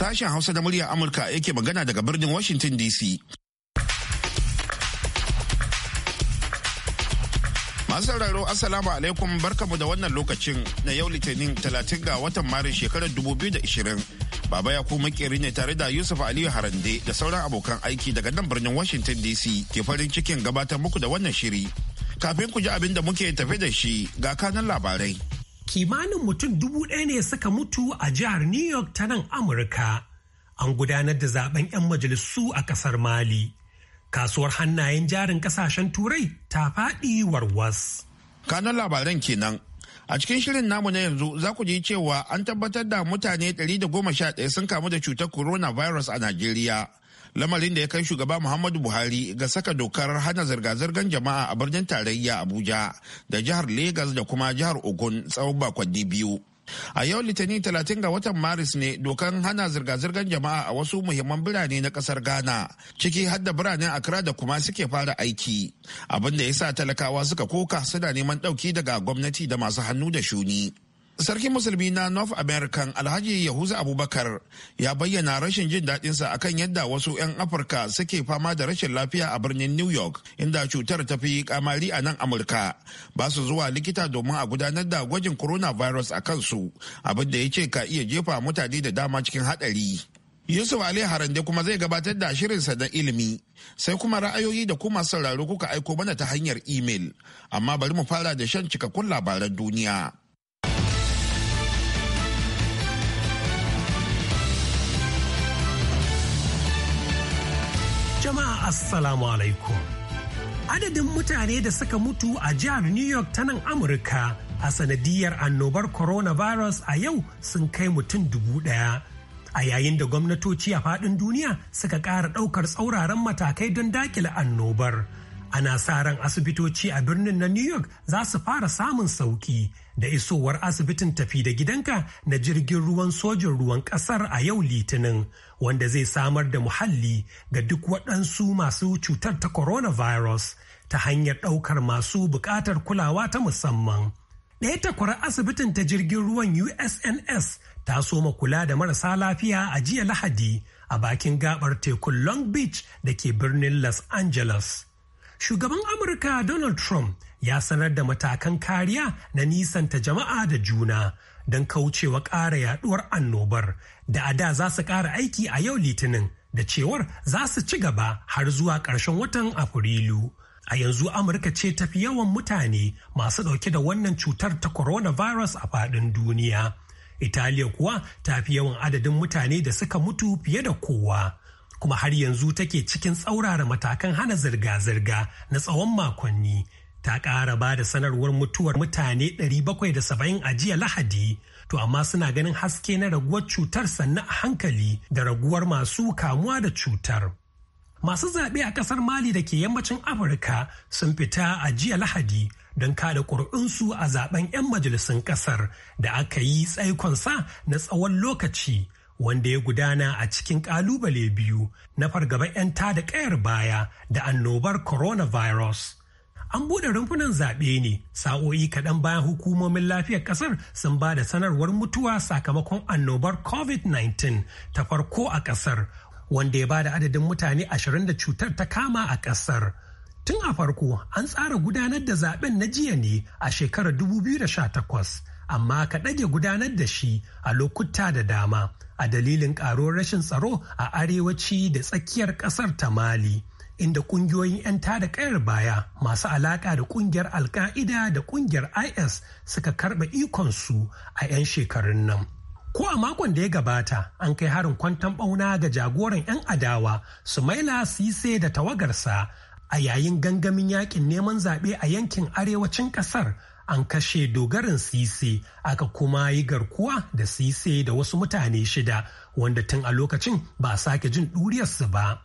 Sashen Hausa da muryar Amurka yake magana daga birnin Washington DC. Masu sauraro Assalamu alaikum barkamu da wannan lokacin na yau Litinin 30 ga watan Maris shekarar 2020. Baba ya kuma makeri ne tare da Yusuf Aliyu Harande da sauran abokan aiki daga nan birnin Washington DC ke farin cikin gabatar muku da wannan shiri. Kafin ku ji abin da muke tafe da shi ga kanan labarai. kimanin mutum dubu ɗaya ne suka mutu a jihar New York ta nan Amurka. An gudanar da zaben 'yan majalisu a ƙasar Mali. Kasuwar hannayen jarin ƙasashen Turai ta faɗi warwas. Kanan labaran kenan. A cikin shirin namu na yanzu za ku ji cewa an tabbatar da mutane 111 sun kamu da cutar coronavirus a Najeriya. lamarin da ya kai shugaba muhammadu buhari ga saka dokar hana zirga-zirgar jama'a a birnin tarayya abuja da jihar Legas da kuma jihar ogun tsawon bakwanni biyu a yau litinin talatin ga watan maris ne dokan hana zirga-zirgar jama'a a wasu muhimman birane na kasar ghana ciki har da biranen accra da kuma suke fara aiki abinda ya sa talakawa suka koka suna neman ɗauki daga gwamnati da masu hannu da shuni Sarkin Musulmi na North American Alhaji Yahuza Abubakar ya bayyana rashin jin daɗinsa akan yadda wasu 'yan Afirka suke fama da rashin lafiya a birnin New York inda cutar ta fi kamari a nan Amurka. Ba su zuwa likita domin a gudanar da gwajin coronavirus a kansu abin da ya ce ka iya jefa mutane da dama cikin haɗari. Yusuf Ali Harande kuma zai gabatar da shirinsa na ilimi sai kuma ra'ayoyi da kuma sauraro kuka aiko mana ta hanyar imel amma bari mu fara da shan cikakkun labaran duniya. Jama'a Assalamu alaikum. Adadin mutane da suka mutu a jihar New York ta nan Amurka a sanadiyar annobar coronavirus a yau sun kai mutum dubu ɗaya. A yayin da gwamnatoci a faɗin duniya suka ƙara ɗaukar tsauraran matakai don dakile annobar. ana sa ran asibitoci a birnin na new york za su fara samun sauki da isowar asibitin tafi da gidanka na jirgin ruwan sojin ruwan kasar a yau litinin wanda zai samar da muhalli ga duk waɗansu masu cutar ta coronavirus ta hanyar ɗaukar masu buƙatar kulawa ta musamman ɗaya takwarar asibitin ta jirgin ruwan usns ta soma kula da marasa lafiya a jiya lahadi a bakin gabar tekun long beach da ke birnin los angeles Shugaban Amurka Donald Trump ya sanar da matakan kariya na nisanta jama'a da juna don kaucewa ƙara yaduwar annobar da a da za su ƙara aiki a yau litinin da cewar za su ci gaba har zuwa ƙarshen watan Afrilu. A yanzu Amurka ce tafi yawan mutane masu ɗauke da wannan cutar ta coronavirus a faɗin duniya. Italiya kuwa ta fi yawan adadin mutane da suka mutu fiye da kowa. kuma har yanzu take cikin tsaurara matakan hana zirga-zirga na tsawon makonni ta ƙara ba da sanarwar mutuwar mutane 770 a jiya lahadi to amma suna ganin haske na raguwar cutar sannan a hankali da raguwar masu kamuwa da cutar masu zaɓe a ƙasar mali da ke yammacin afirka sun fita a jiya lahadi don kada ƙuri'unsu a zaben 'yan majalisun ƙasar da aka yi tsaikonsa na tsawon lokaci wanda ya gudana a cikin kalubale biyu na fargaba 'yan da kayar baya da annobar coronavirus. An buɗe rumfunan zaɓe ne sa'o'i kaɗan bayan hukumomin lafiyar ƙasar sun ba da sanarwar mutuwa sakamakon annobar COVID-19 ta farko a ƙasar wanda ya ba da adadin mutane ashirin da cutar ta kama a ƙasar. Tun a farko an tsara gudanar da zaɓen na jiya ne a shekarar 2018. amma ka ɗage gudanar da shi a lokuta da dama a dalilin ƙaruwar rashin tsaro a arewaci da tsakiyar ƙasar ta mali inda ƙungiyoyin 'yan tada ƙayar baya masu alaƙa da ƙungiyar alka'ida da ƙungiyar is suka karɓa ikonsu a 'yan shekarun nan ko a makon da ya gabata an kai harin kwantan ɓauna ga jagoran 'yan adawa su maila, sise da tawagarsa a yayin gangamin yakin neman zaɓe a yankin arewacin ƙasar an kashe dogaran sise aka kuma yi garkuwa da sise da wasu mutane shida wanda tun a lokacin ba sake jin ɗuriyarsu ba.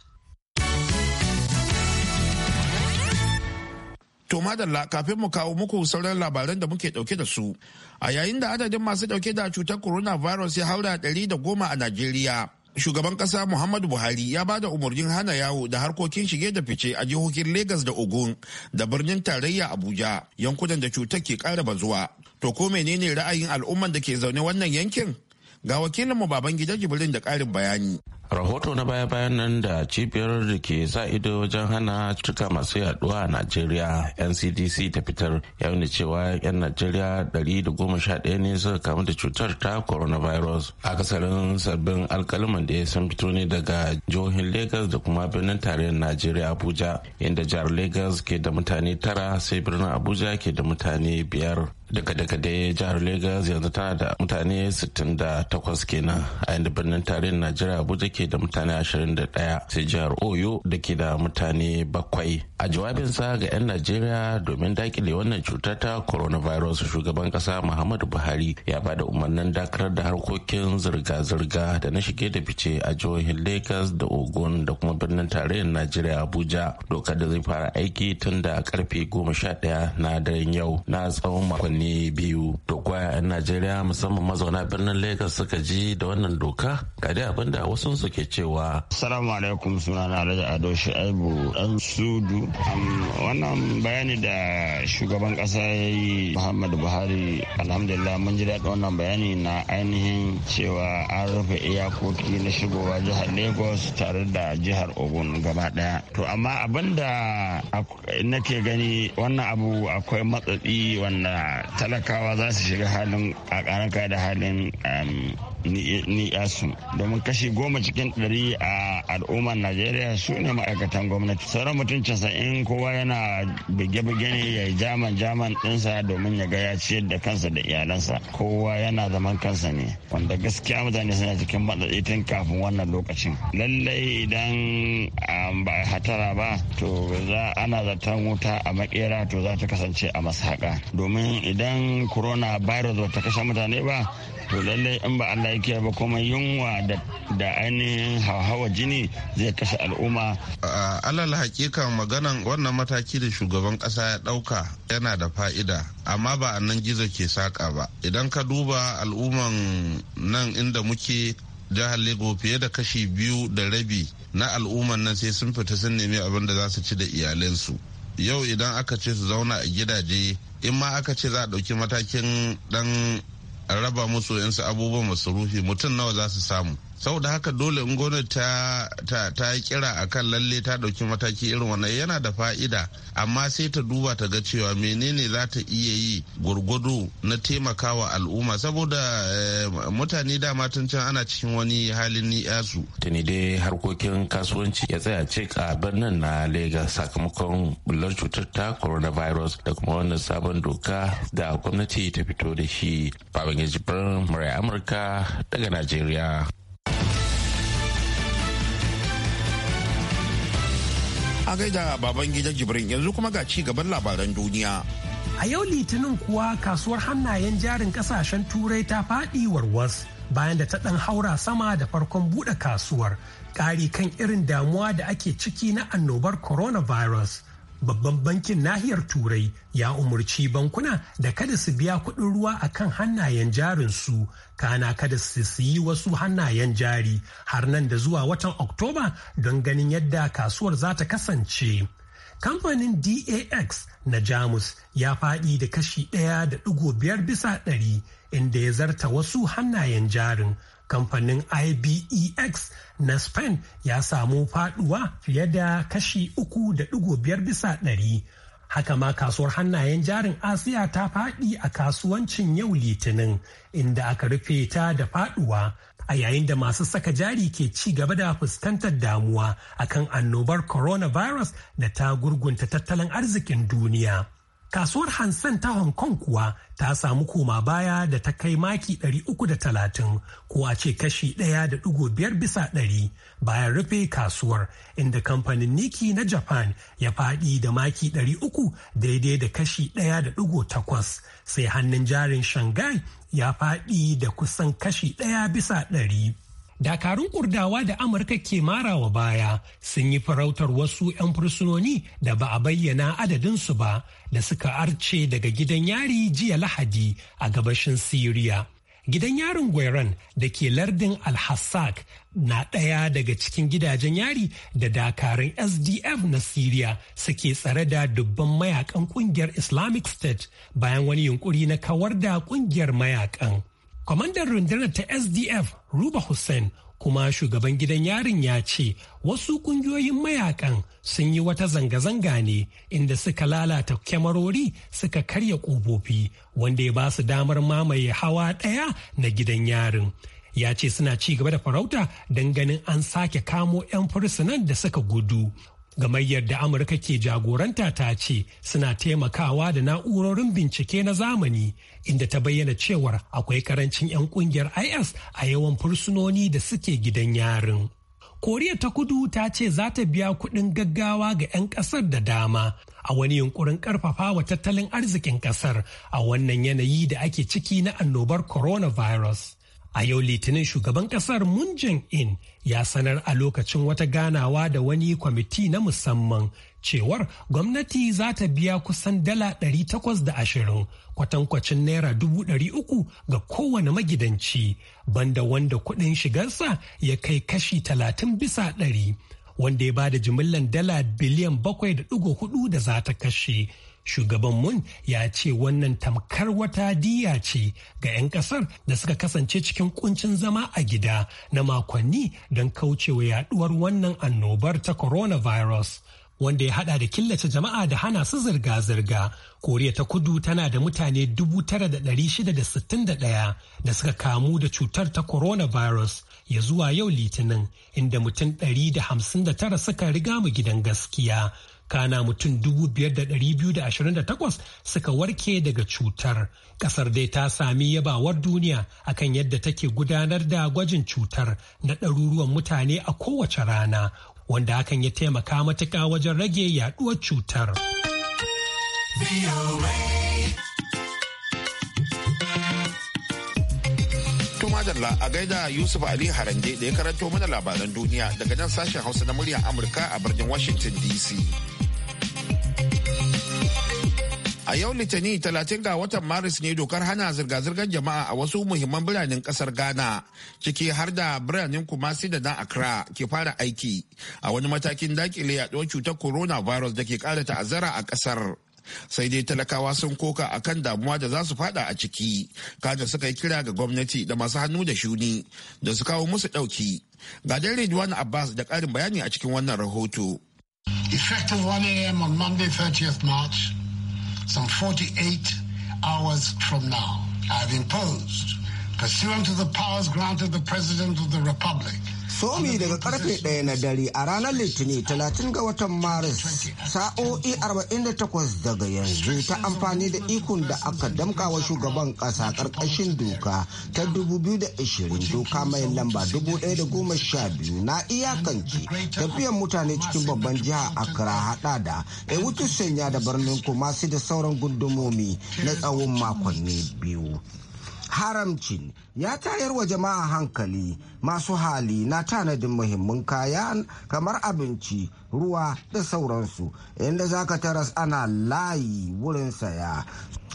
To madalla kafin mu kawo muku sauran labaran da muke dauke da su. A yayin da adadin masu dauke da cutar coronavirus ya haura ɗari da goma a Najeriya, shugaban kasa muhammadu buhari ya ba da umarnin hana yawo da harkokin shige da fice a jihohin Legas da ogun da birnin tarayya abuja yankunan da cutar ke kara bazuwa to ko menene ra'ayin al'umman da ke zaune wannan yankin ga wakilinmu baban gida jibrin da karin bayani rahoto na baya-bayan nan da cibiyar da ke sa ido wajen hana cutuka masu yaduwa a najeriya ncdc ta fitar ya nuna cewa 'yan najeriya 111 ne suka kamu da cutar ta coronavirus akasarin sabbin alkaliman da ya san fito ne daga jihohin lagos da kuma birnin tarayyar najeriya abuja inda jihar lagos ke da mutane tara sai birnin abuja ke da mutane biyar daga daga dai jihar lagos yanzu tana da mutane 68 kenan a yadda birnin tarayyar najeriya abuja ke ke da mutane 21 sai jihar oyo da ke da mutane bakwai a jawabinsa ga 'yan najeriya domin dakile wannan cuta ta coronavirus shugaban kasa muhammadu buhari ya ba da umarnin dakarar da harkokin zirga-zirga da na shige da fice a jihohin lagos da ogun da kuma birnin tarayyar najeriya abuja dokar da zai fara aiki tun da karfe 11 na daren yau na tsawon makonni biyu to 'yan najeriya musamman mazauna birnin lagos suka ji da wannan doka ga dai abin da wasu suke cewa. Salamu alaikum sunana Alhaji Ado Shu'aibu dan Sudu. Wannan bayani da shugaban ƙasa ya yi Muhammadu Buhari alhamdulillah mun ji daɗin wannan bayani na ainihin cewa an rufe iyakoki na shigowa jihar Lagos tare da jihar Ogun gaba ɗaya. To amma abin da nake gani wannan abu akwai matsatsi wanda talakawa za su shiga halin a da halin ni'yasu domin kashi goma cikin ɗari a al'ummar najeriya su ne ma'aikatan gwamnati sauran mutum in kowa yana buge bige ne ya yi jaman jaman ɗinsa domin ya ga ya ciyar da kansa da iyalansa kowa yana zaman kansa ne wanda gaskiya mutane suna cikin matsatsi tun kafin wannan lokacin lallai idan um, ba a hatara ba to za ana zaton wuta a makera to za ta kasance a masaka domin idan corona virus ba ta kashe mutane ba to lallai in ba Allah yake ba kuma yunwa da ainihin hawa jini zai kashe al'umma. alal hakika maganan wannan mataki da shugaban kasa ya dauka yana da fa'ida amma ba a nan gizo ke saka ba idan ka duba al'umman nan inda muke jihar lagos fiye da kashi biyu da rabi na al'umman nan sai sun fita sun nemi abin da za su ci da iyalansu yau idan aka ce su zauna a gidaje in ma aka ce za a ɗauki matakin ɗan raba musu yansu abubuwan masarufi mutum nawa za su samu saboda haka dole in gwamnati ta, yi kira a kan lalle ta ɗauki mataki irin wannan yana da fa'ida amma sai ta duba ta ga cewa menene za ta iya yi gurgudu na taimakawa al'umma saboda eh, mutane dama tun can ana cikin wani halin ni'yasu. tuni dai harkokin kasuwanci ya tsaya cik a birnin na lagos sakamakon bullar cutar ta coronavirus da kuma wannan sabon doka da gwamnati ta fito da shi babban jibrin murai amurka daga najeriya a gaida baban gida jibrin yanzu kuma ga ci gaban labaran duniya a yau litinin kuwa kasuwar hannayen jarin kasashen turai ta faɗi warwas bayan da ta ɗan haura sama da farkon buɗe kasuwar ƙari kan irin damuwa da ake ciki na annobar coronavirus babban bankin nahiyar turai ya umarci bankuna da kada su biya kuɗin ruwa a kan hannayen jarinsu kana kada su yi wasu hannayen jari har nan da zuwa watan oktoba don ganin yadda kasuwar za ta kasance kamfanin dax na jamus ya faɗi da kashi ɗaya da ɗigo biyar bisa ɗari inda ya zarta wasu hannayen jarin kamfanin ibex na spain ya samu faduwa fiye da kashi uku da biyar bisa ɗari haka ma kasuwar hannayen jarin asiya ta faɗi a kasuwancin yau litinin inda aka rufe ta da faduwa a yayin da masu saka jari ke ci gaba da fuskantar damuwa akan annobar coronavirus da ta gurgunta tattalin arzikin duniya. Kasuwar Hansen ta Hong Kong kuwa ta samu koma baya da ta kai maki 330 ko a ce kashi ɗaya da biyar bisa ɗari bayan rufe kasuwar inda kamfanin Niki na Japan ya faɗi da maki 300 daidai da kashi ɗaya da takwas sai hannun jarin Shanghai ya faɗi da kusan kashi ɗaya bisa ɗari. dakarun kurdawa da amurka ke mara wa baya sun yi farautar wasu 'yan fursunoni da ba a bayyana adadinsu ba da suka arce daga gidan yari jiya lahadi a gabashin syria gidan yarin gwairan da ke lardin alhassak na ɗaya daga cikin gidajen yari da dakarun sdf na syria suke tsare da dubban mayakan kungiyar islamic state bayan wani yunkuri na kawar da kungiyar mayakan kwamandan rundunar ta sdf ruba hussein kuma shugaban gidan yarin ya ce wasu kungiyoyin mayakan sun yi wata zanga-zanga ne inda suka lalata kyamarori suka karya ƙofofi wanda ya ba su damar mamaye hawa ɗaya na gidan yarin ya ce suna ci gaba da farauta don ganin an sake kamo 'yan fursunan da suka gudu Gamayyar da Amurka ke jagoranta ta ce suna taimakawa da na'urorin bincike na zamani inda ta bayyana cewar akwai karancin 'yan kungiyar IS a yawan fursunoni da suke gidan yarin. Koriya ta kudu ta ce za ta biya kuɗin gaggawa ga 'yan ƙasar da dama a wani yunkurin ƙarfafa wa tattalin arzikin ƙasar a wannan yanayi da ake ciki na annobar coronavirus. A yau Litinin shugaban kasar Moon Jae-in ya sanar a lokacin wata ganawa da wani kwamiti na musamman cewar gwamnati za ta biya kusan dala da ashirin, kwatankwacin naira 300 ga kowane magidanci banda wanda kuɗin shigarsa ya kai kashi 30 bisa ɗari, wanda ya bada jimillan dala biliyan 7.4 da za ta kashe. shugaban mun ya ce wannan tamkar wata diya ce ga 'yan kasar da suka kasance cikin kuncin zama a gida na makonni don kaucewa yaduwar wannan annobar ta coronavirus wanda ya hada da killace jama'a da hana su zirga-zirga koriya ta kudu tana da mutane 9,661 da suka kamu da cutar ta coronavirus ya zuwa yau litinin inda mutum 159 suka riga mu gidan gaskiya kana mutum 5,228 suka warke daga cutar. Kasar dai ta sami yabawar duniya akan yadda take gudanar da gwajin cutar na ɗaruruwan mutane a kowace rana, wanda hakan ya taimaka matuka wajen rage yaɗuwar cutar. madalla a gaida Yusuf Ali Harande da ya karanto mana labaran duniya daga nan sashen Hausa na murya Amurka a birnin Washington DC. A yau Litani Talatin ga watan Maris ne dokar hana zirga-zirgar jama'a a wasu muhimman biranen kasar Ghana ciki har da biranen Kumasi da na Accra ke fara aiki a wani matakin dakile yaduwar cutar coronavirus da ke kara ta'azzara a kasar. sai dai talakawa sun koka a kan damuwa da za su fada a ciki kada suka yi kira ga gwamnati da masu hannu da shuni da su kawo musu dauki ga dan Ridwan Abbas da karin bayani a cikin wannan rahoto. Effective 1 a.m. on Monday 30th March, some 48 hours from now, I have imposed, pursuant to the powers granted the President of the Republic, Somi daga karfe ɗaya na dare a ranar Litinin 30 ga watan Maris sa'o'i 48 daga yanzu ta amfani da ikon da aka damka wa shugaban ƙasa ƙarƙashin doka ta 2020 doka mai lamba 1,012 na iyakance tafiyan mutane cikin babban jiha Accra hada da Ewutu Sanya da birnin Kumasi da sauran gundumomi na tsawon makonni biyu. haramcin ya tayar wa jama'a hankali masu hali na tanadin muhimmin kaya kamar abinci ruwa da sauransu inda za ka taras ana layi wurin saya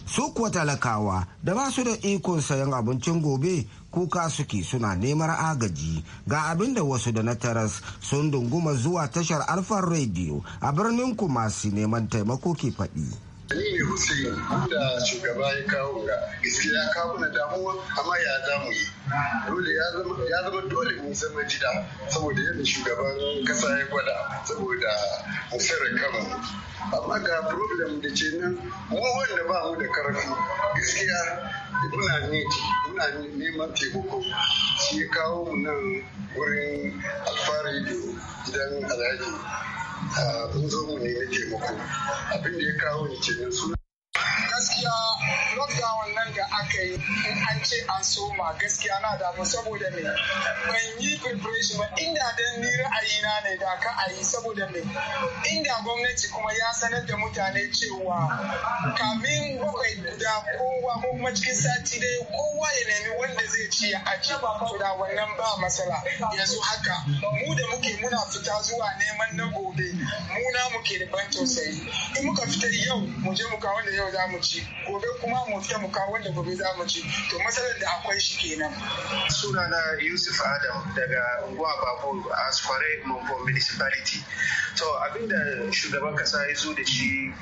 su kuwa talakawa da ba su da ikon sayan abincin gobe kuka suke suna neman agaji ga abin da wasu da na taras sun dunguma zuwa tashar alfar rediyo a birnin su neman taimako ke faɗi. ni ne Hussein da shugaba ya kawo ga gaskiya kawo na damuwa amma ya damu yi dole ya zama dole mu zama gida saboda yadda shugaban kasa ya gwada saboda mu sirri amma ga problem da ce nan mu wanda ba mu da karfi gaskiya muna neti muna neman taimako shi ya kawo mu nan wurin alfahari gidan alhaji mun zo mu nemi taimako abin abinda ya kawo ni kenan suna aka yi in an ce an soma gaskiya na damu saboda me ban yi preparation ba inda dan ni ra'ayi na ne da ka a yi saboda me inda gwamnati kuma ya sanar da mutane cewa kamin bakwai guda kowa ko kuma cikin sati dai kowa ya nemi wanda zai ci ya aji da wannan ba matsala yanzu haka mu da muke muna fita zuwa neman na gobe mu na muke da ban tausayi in muka fita yau mu je mu kawo wanda yau za mu ci gobe kuma mu fita mu kawo wanda gobe za mu ci to matsalar da akwai shi kenan Suna na yusuf adam daga unguwa babur a asfare mumbo municipality to abinda shugaban kasa ya zo da shi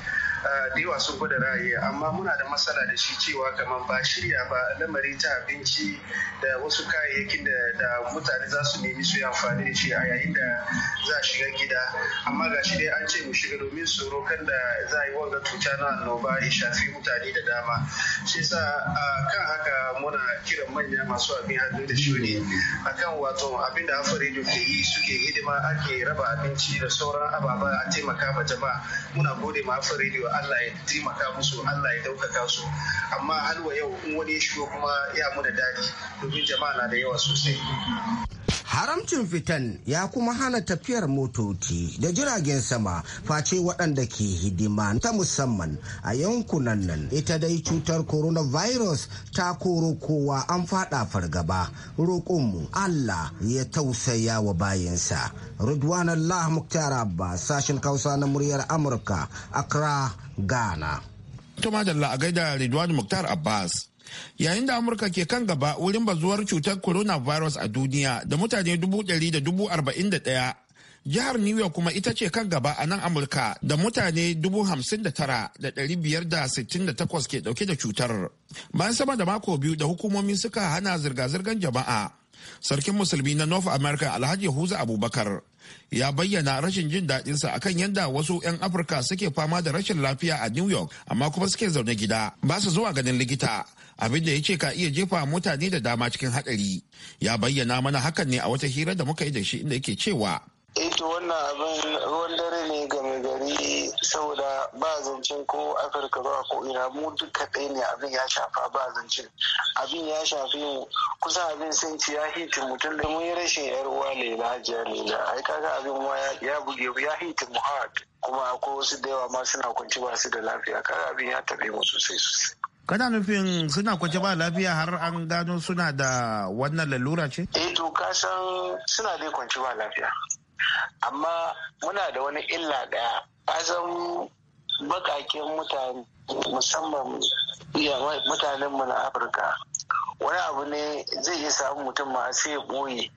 da yawa sun gwada ra'ayi amma muna da matsala da shi cewa kamar ba shirya ba lamari ta abinci da wasu kayayyakin da mutane za su nemi su yi amfani da shi a yayin da za a shiga gida amma ga shi dai an ce mu shiga domin tsoro kan da za a yi wanga cuta na annoba ya shafi mutane da dama shi sa kan haka muna kiran manya masu abin hannu da shuni kan wato abin da afarido ke yi suke hidima ake raba abinci da sauran ababa a taimaka ma jama'a muna gode ma afarido Allah ya taimaka musu Allah ya daukaka su amma halwa yau in wani ya shigo kuma ya muna dadi domin jama'a na da yawa sosai haramcin fitan ya kuma hana tafiyar motoci da jiragen sama face waɗanda ke hidima ta musamman a yankunan nan ita dai cutar coronavirus ta koro kowa an fada fargaba roƙonmu allah ya tausaya wa bayansa rudwan allah muktar abbas sashen kausa na muryar amurka accra ghana to a gaida ridwan muktar abbas yayin da amurka ke kan gaba wurin bazuwar cutar coronavirus a duniya da mutane dubu ɗari da ɗaya jihar new york kuma ita ce kan gaba a nan amurka da mutane dubu ke dauke da cutar bayan sama da mako biyu da hukumomi suka hana zirga-zirgar jama'a sarkin musulmi na north america alhaji huza abubakar ya bayyana rashin jin daɗinsa akan yadda wasu 'yan afirka suke fama da rashin lafiya a new york amma kuma suke zaune gida ba su zuwa ganin likita abin da ya ce ka iya jefa mutane da dama cikin haɗari ya bayyana mana hakan ne a wata hira da muka yi da shi inda yake cewa eh, to wannan abin ruwan dare ne game gari saboda ba zancen ko afirka ba ko ina mu duk kaɗai ne abin ya shafa ba zancen abin ya shafi mu kusan abin sun ci ya hitin mutum da mun yi rashin yar uwa ne na hajiya ne na ai kaga abin ma ya buge mu, ya hitin mu kuma akwai wasu da yawa ma suna kwanci ba su da lafiya kaga abin ya taɓe mu sosai sosai kana nufin suna kwance ba lafiya har an gano suna da wannan lalura ce? eh to kasan suna dai kwance ba lafiya amma muna da wani illa daya kasan bakakin mutane musamman mutanen mu na afirka wani abu ne zai yi samun mutum ma sai ya ɓoye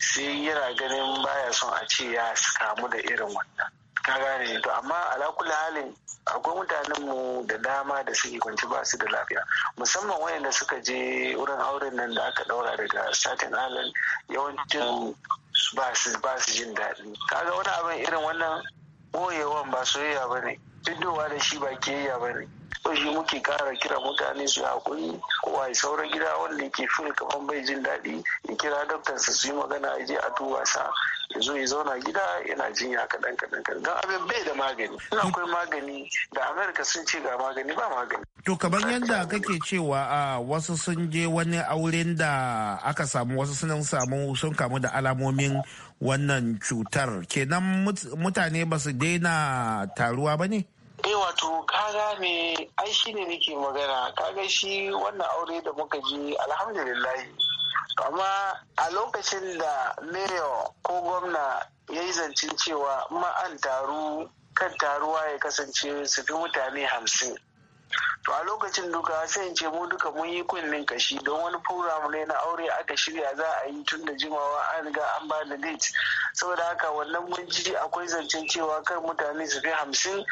sai yana ganin baya son a ce ya kamu da irin wannan ka gane to amma ala halin akwai mutanen mu da dama da suke kwanci ba su da lafiya musamman wayanda suka je wurin auren nan da aka daura daga satin island yawancin ba su ba su jin daɗi kaga wani abin irin wannan boyewan ba soyayya ba ne da shi ba kiyayya ba ne to shi muke kara kira mutane su hakuri kowa ya saura gida wanda ke fil kaman bai jin daɗi ya kira doktan su yi magana ya je a duba sa ya zo ya zauna gida yana jinya kaɗan kaɗan kaɗan don abin bai da magani ina akwai magani da amerika sun ce ga magani ba magani to kamar yadda kake cewa a wasu sun je wani auren da aka samu wasu sun samu sun kamu da alamomin wannan cutar kenan mutane ba su daina taruwa ba ne eh wato kaga ne ai shi ne nake magana kaga shi wannan aure da muka ji alhamdulillah amma a lokacin da mayor ko gwamna ya yi zancen cewa ma'an taru kan taruwa ya kasance su fi mutane hamsin to a lokacin duka sai ce mu duka mun yi kunnen kashi don wani program ne na aure aka shirya za a yi tun da jimawa an riga an ba da date saboda haka wannan mun ji akwai zancen cewa kan mutane su fi hamsin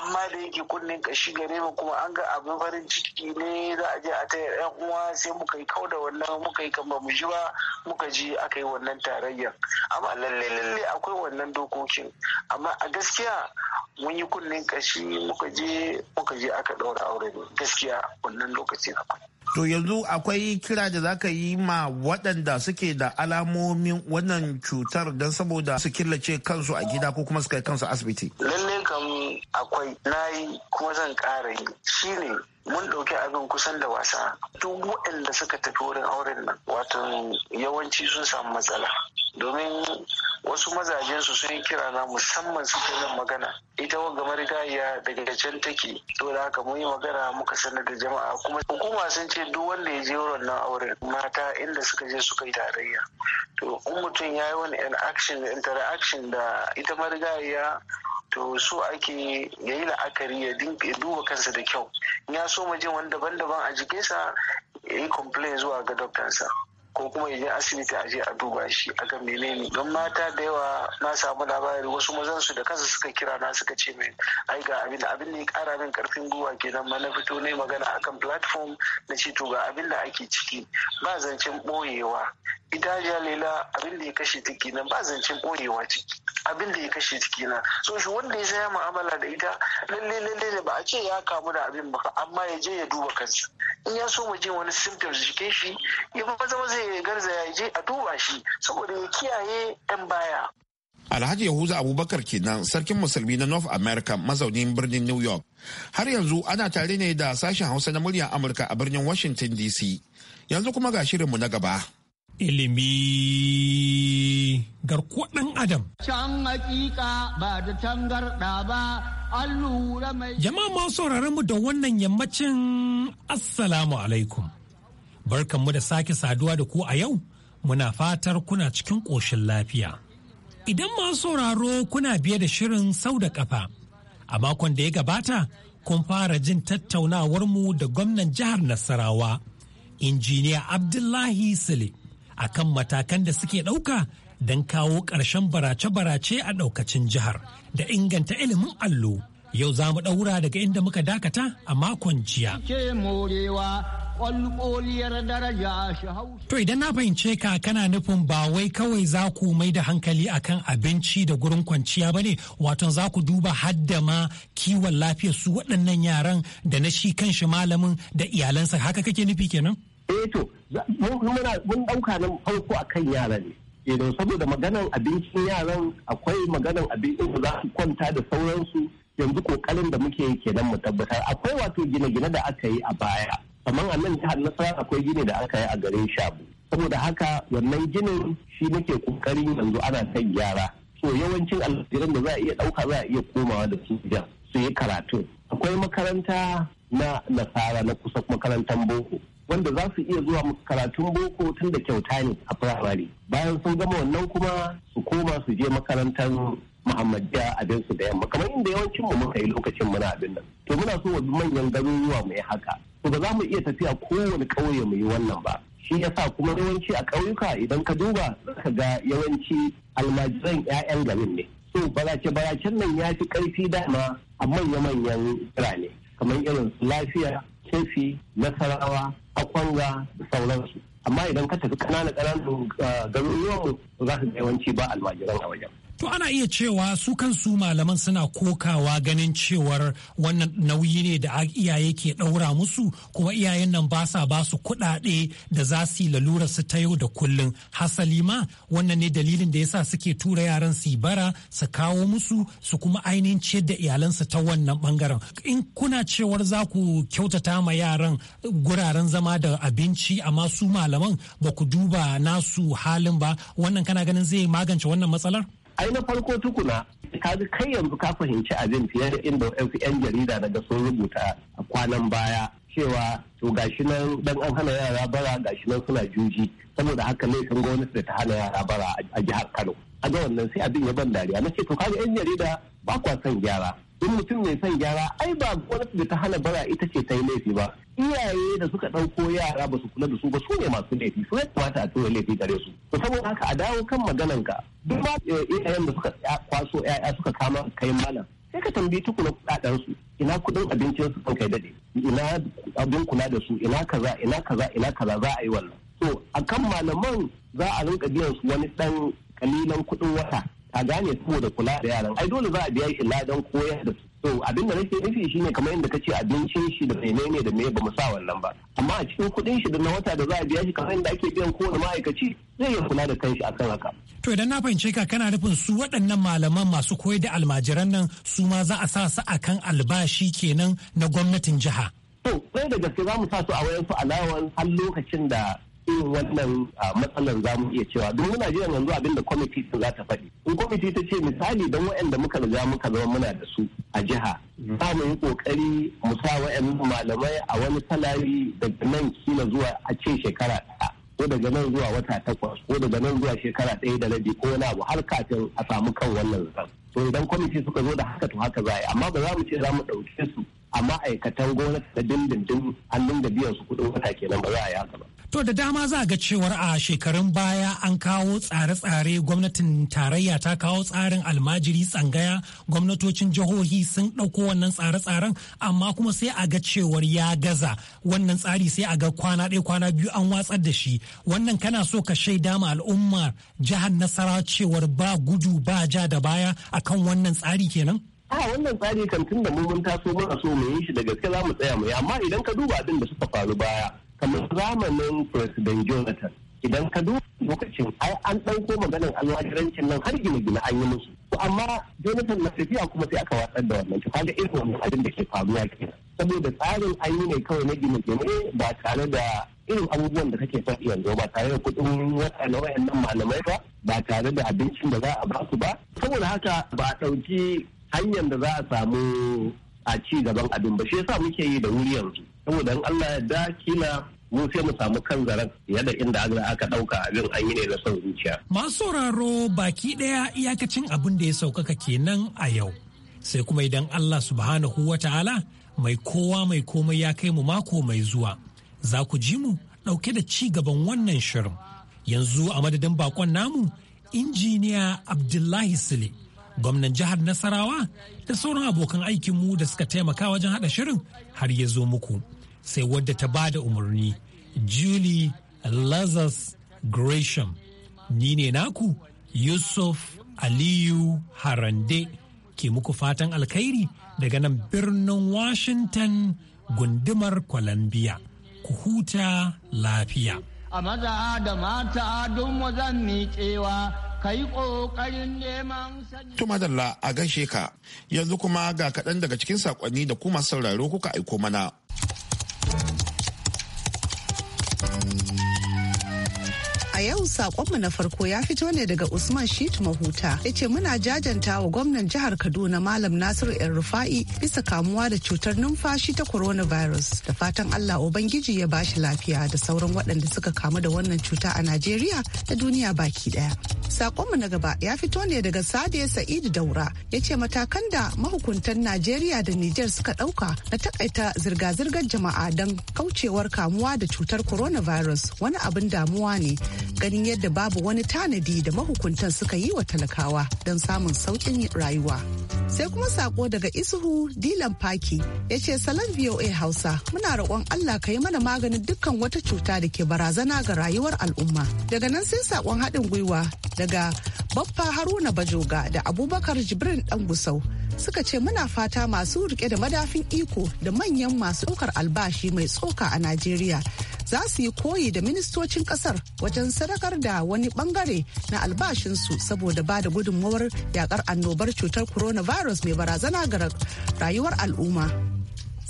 amma da yake kunnen kashi gare mu kuma an ga abin farin ciki ne za a je a ta yan uwa sai muka yi kau da wannan muka yi kan mu ji ba muka ji aka yi wannan tarayyar amma lalle lalle akwai wannan dokokin amma a gaskiya mun yi kunnen kashi muka je muka je aka ɗaura aure gaskiya wannan lokacin akwai To yanzu akwai kira da zaka yi ma waɗanda suke da alamomin wannan cutar don saboda su killace kansu a gida ko kuma su kai kansu asibiti. Lallai kam akwai na yi kuma zan ƙara yi shine mun ɗauki abin kusan da wasa duk waɗanda suka tafi wurin auren nan wato yawanci sun samu matsala domin wasu mazajen su sun kira na musamman su yi magana ita gamar gayya daga can take to da haka mun yi magana muka sanar da jama'a kuma hukuma sun ce duk wanda ya je nan auren mata inda suka je suka yi tarayya to in mutum ya yi wani action interaction da ita marigayya to so ake yayi la'akari ya duba kansa da kyau ya so mu je wani daban-daban a jikinsa ya yi complain zuwa ga doktansa ko kuma ya je asibiti a je a duba shi a ga menene don mata da yawa na samu labari wasu mazan su da kansu suka kira na suka ce min ai ga abin abin da kara min karfin gwiwa kenan ma na fito ne magana akan platform na ce to ga abin da ake ciki ba zancen boyewa ita jalila abin da ya kashe ciki nan ba zancen boyewa ciki abin da ya kashe ciki so shi wanda ya saya mu'amala da ita lalle lalle ne ba a ce ya kamu da abin ba amma ya je ya duba kansa in ya so mu je wani symptoms ke shi ya ba zama zai ya garza ya je a duba shi saboda ya kiyaye 'yan baya. Alhaji Yahuza Abubakar kenan sarkin musulmi na North America mazaunin birnin New York. Har yanzu ana tare ne da sashen Hausa na muryar Amurka a birnin Washington DC. Yanzu kuma ga shirinmu na gaba. Ilimi garkuwa ɗan Adam. Can hakika ba da tangarɗa ba, an lura mai. Jama'a masu sauraron mu da wannan yammacin Assalamu alaikum. barkanmu da sake saduwa da ku a yau muna fatar kuna cikin ƙoshin lafiya. Idan masu sauraro kuna biye da shirin sau da ƙafa, a makon da ya gabata kun fara jin tattaunawarmu da gwamnan jihar Nasarawa, injiniya Abdullahi Sule, a kan matakan da suke ɗauka don kawo ƙarshen barace-barace a ɗaukacin jihar da inganta ilimin allo. Yau za mu ɗaura daga inda muka dakata a makon jiya. kwalkoliyar daraja shi hausa. To idan na fahimce ka kana nufin ba wai kawai za ku mai da hankali akan abinci da gurin kwanciya ba ne waton za ku duba hadda ma kiwon lafiyar su waɗannan yaran da na shi kan shi malamin da iyalansa haka kake nufi kenan? Eh to mun ɗauka nan farko akan yara ne. Idan saboda maganan abincin yaran akwai maganan abincin da za su kwanta da sauransu yanzu kokarin da muke kenan mu tabbatar akwai wato gine-gine da aka yi a baya kamar a nan jihar nasara akwai gini da aka yi a garin shabu saboda haka wannan ginin shi nake kokarin yanzu ana kan gyara so yawancin almajiran da za a iya ɗauka za a iya komawa da su jan su yi karatu akwai makaranta na nasara na kusa makarantar boko wanda za su iya zuwa karatun boko tun da kyauta ne a firamare bayan sun gama wannan kuma su koma su je makarantar muhammadiya abin su da yamma kamar inda yawancin mu muka yi lokacin muna abin nan to muna so wa manyan garuruwa mu yi haka to ba za mu iya tafiya kowane ƙauye mu yi wannan ba shi yasa kuma yawanci a ƙauyuka idan ka duba ka ga yawanci almajiran 'ya'yan garin ne so barace-baracen nan ya fi ƙarfi dama a manya-manyan birane kamar irin su lafiya kefi nasarawa akwanga da sauransu amma idan ka tafi ƙananan ƙananan eh, garuruwan za ka ga yawanci ba almajiran a wajen To ana iya cewa su kansu malaman suna kokawa ganin cewar wannan nauyi ne da iyaye ke ɗaura musu kuma iyayen nan ba sa ba su kuɗaɗe da za su yi lalura su ta yau da kullun Hasali ma wannan ne dalilin da yasa suke tura yaran su bara su kawo musu su kuma ainihin ciyar da iyalansu ta wannan bangaren. In kuna cewar za ku kyautata ma yaran guraren zama da abinci amma su malaman ba ku duba nasu halin ba wannan kana ganin zai magance wannan matsalar? ai na farko tukuna ka ji kai yanzu ka fahimci abin fiye da inda yan jarida daga sun rubuta a kwanan baya cewa to gashi nan dan an hana yara bara gashi nan suna juji saboda haka sun gwamnati da ta hana yara bara a jihar Kano a ga wannan sai abin ya ban dariya na ce to kaga yan jarida ba kwa son gyara in mutum mai son gyara ai ba gwamnati da ta hana bara ita ce ta yi laifi ba iyaye da suka ɗauko yara ba su kula da su ba su ne masu laifi su ne kamata a tura laifi gare su to saboda haka a dawo kan maganan ka duk ma eh, iyayen da suka kwaso yaya suka kama kai malam sai ka tambayi tukuna kuɗaɗen su ina kuɗin abincin su kai dade ina abin kula da su ina kaza ina kaza ina kaza za a yi wannan to kan malaman za a rinka biyan su wani ɗan kalilan kuɗin wata a gane saboda kula da yaran ai dole za a biya shi ladan koyar da su to abin da nake nufi shine kamar yadda ce abincin shi da menene da me ba mu sa wannan ba amma a cikin kuɗin shi da na wata da za a biya shi kamar yadda ake biyan kowane ma'aikaci zai iya kula da kanshi akan haka to idan na fahimce ka kana nufin su waɗannan malaman masu koyar da almajiran nan su ma za a sa su akan albashi kenan na gwamnatin jiha to ɗaya da gaske za mu sa su a wayansu alawan har lokacin da irin wannan ah, matsalar za mu iya cewa don muna jiran yanzu abinda kwamiti za ta faɗi in kwamiti ta ce misali don waɗanda muka riga muka zama muna da su a jiha mm-hmm. za mu yi kokari mu sa waɗannan malamai a wani salari daga nan kila zuwa a ce shekara ɗaya ko daga nan zuwa wata takwas ko daga nan zuwa shekara ɗaya da rabi ko wani abu har kafin a samu kan wannan zan to idan kwamiti suka zo da haka to haka za a yi amma ba za mu ce za mu ɗauke su a ma'aikatan gwamnati da dindindin hannun da biyan su kuɗin wata kenan ba za a yi haka ba. To da dama za a ga cewar a shekarun baya an kawo tsare-tsare gwamnatin tarayya ta kawo tsarin almajiri tsangaya gwamnatocin jihohi sun ɗauko wannan tsare-tsaren amma kuma sai a ga cewar ya gaza wannan tsari sai a ga kwana ɗaya kwana biyu an watsar da shi wannan kana so ka shaida ma al'umma jihar nasara cewar ba gudu ba ja da baya akan wannan tsari kenan? a wannan tsari kan da mu mun taso muna so mu yi shi da gaske za mu tsaya mu amma idan ka duba abin da suka faru baya kamar zamanin president jonathan idan ka duba lokacin ai an ɗauko maganar alwajirancin nan har gine-gine an yi musu to amma jonathan na tafiya kuma sai aka watsar da wannan kaga irin wannan abin da ke faruwa ke saboda tsarin an yi ne kawai na gine-gine ba tare da irin abubuwan da kake faɗi yanzu ba tare da kuɗin wata na wayannan malamai ba ba tare da abincin da za a ba su ba saboda haka ba a ɗauki hanyar da za a samu a ci gaban abin ba shi yasa muke yi da wuri yanzu saboda in Allah ya da kila mu sai mu samu kan zaren yadda da inda aka dauka abin an yi ne da son zuciya. Masu sauraro baki daya iyakacin abin da ya saukaka kenan a yau. Sai kuma idan Allah subhanahu wa mai kowa mai komai ya kai mu mako mai zuwa. Za ku ji mu dauke da ci gaban wannan shirin. Yanzu a madadin bakon namu, injiniya Abdullahi Sule. gwamnan jihar Nasarawa da sauran abokan aikinmu da suka taimaka wajen haɗa shirin har ya zo muku. Sai wadda ta ba da umarni, Julie Lazarus Gresham. Ni ne naku Yusuf Aliyu Harande ke muku fatan alkhairi daga nan birnin Washington gundumar Columbia. Ku huta lafiya. A maza da mata don mu zan miƙewa ka yi ƙoƙarin neman a gaishe ka yanzu kuma ga kaɗan daga cikin saƙonni da kuma sauraro kuka aiko mana. yau sakonmu na farko ya fito ne daga Usman Shitu Mahuta. Ya ce muna jajanta wa gwamnan jihar Kaduna Malam Nasiru yan Rufa'i bisa kamuwa da cutar numfashi ta coronavirus. Da fatan Allah Ubangiji ya bashi lafiya da sauran waɗanda suka kamu da wannan cuta a Najeriya da duniya baki ɗaya. Sakonmu na gaba ya fito ne daga Sadiya Sa'idu Daura. Ya ce matakan da mahukuntan Najeriya da Nijar suka ɗauka na takaita zirga-zirgar jama'a don kaucewar kamuwa da cutar coronavirus wani abin damuwa ne ganin yadda babu wani tanadi da mahukuntan suka yi wa talakawa don samun saukin rayuwa. Sai kuma saƙo daga Isuhu Dilan Faki ya ce salon VOA Hausa muna roƙon Allah ka yi mana maganin dukkan wata cuta da ke barazana ga rayuwar al'umma. Daga nan sai saƙon haɗin gwiwa daga Baffa Haruna Bajoga da Abubakar Jibrin gusau suka ce muna fata masu rike da madafin iko da manyan masu ɗaukar albashi mai tsoka a Najeriya za su yi koyi da ministocin kasar wajen sadakar da wani bangare na albashinsu saboda ba da gudunmawar yakar annobar cutar coronavirus mai barazana ga rayuwar al'umma.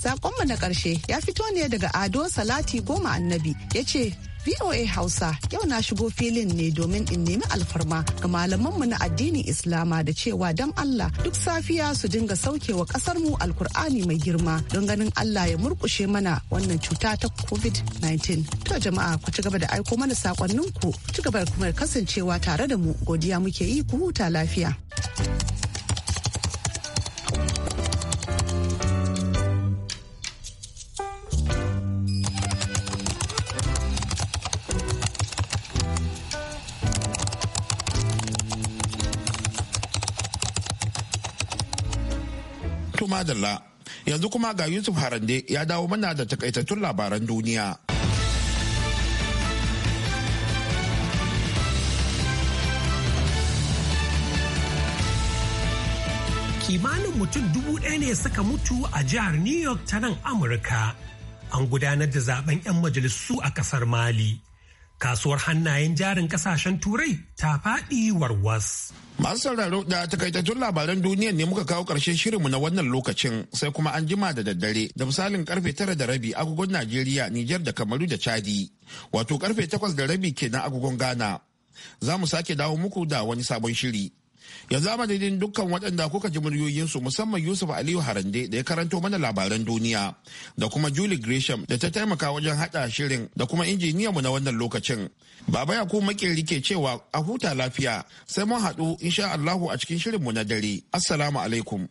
Sakonmu na ƙarshe ya fito ne daga Ado Salati Goma Annabi ya ce, VOA Hausa yau na shigo filin ne domin in nemi alfarma ga malamanmu na addinin Islama da cewa dan Allah duk safiya su dinga saukewa kasar mu Alkur'ani mai girma don ganin Allah ya murkushe mana wannan cuta ta COVID-19. To jama'a ku ci gaba da aiko mana sakonnin ku, ci gaba da kuma kasancewa tare da mu godiya muke yi ku huta lafiya. Adalla. yanzu kuma ga yusuf harande ya dawo mana da takaitattun labaran duniya kimanin mutum dubu ɗaya ne suka mutu a jihar new york ta nan amurka an gudanar da zaben 'yan majalisu a ƙasar mali kasuwar hannayen jarin ƙasashen turai ta faɗi warwas Masu sauraro da takaitattun labaran duniya ne muka kawo ƙarshen shirinmu na wannan lokacin sai kuma an jima da daddare da misalin karfe tara da rabi agogon Najeriya, Nijar da Kamaru da Chadi. Wato karfe takwas da rabi kenan agogon Ghana. Za mu sake dawo muku da wani sabon shiri. yanzu a madadin dukkan waɗanda kuka ji muryoyinsu musamman yusuf aliyu harande da ya karanto mana labaran duniya da kuma julie gresham da ta taimaka wajen haɗa shirin da kuma injiniyanmu na wannan lokacin baba ya makeri ke cewa a huta lafiya sai mun haɗu insha allahu a cikin shirin mu na dare assalamu alaikum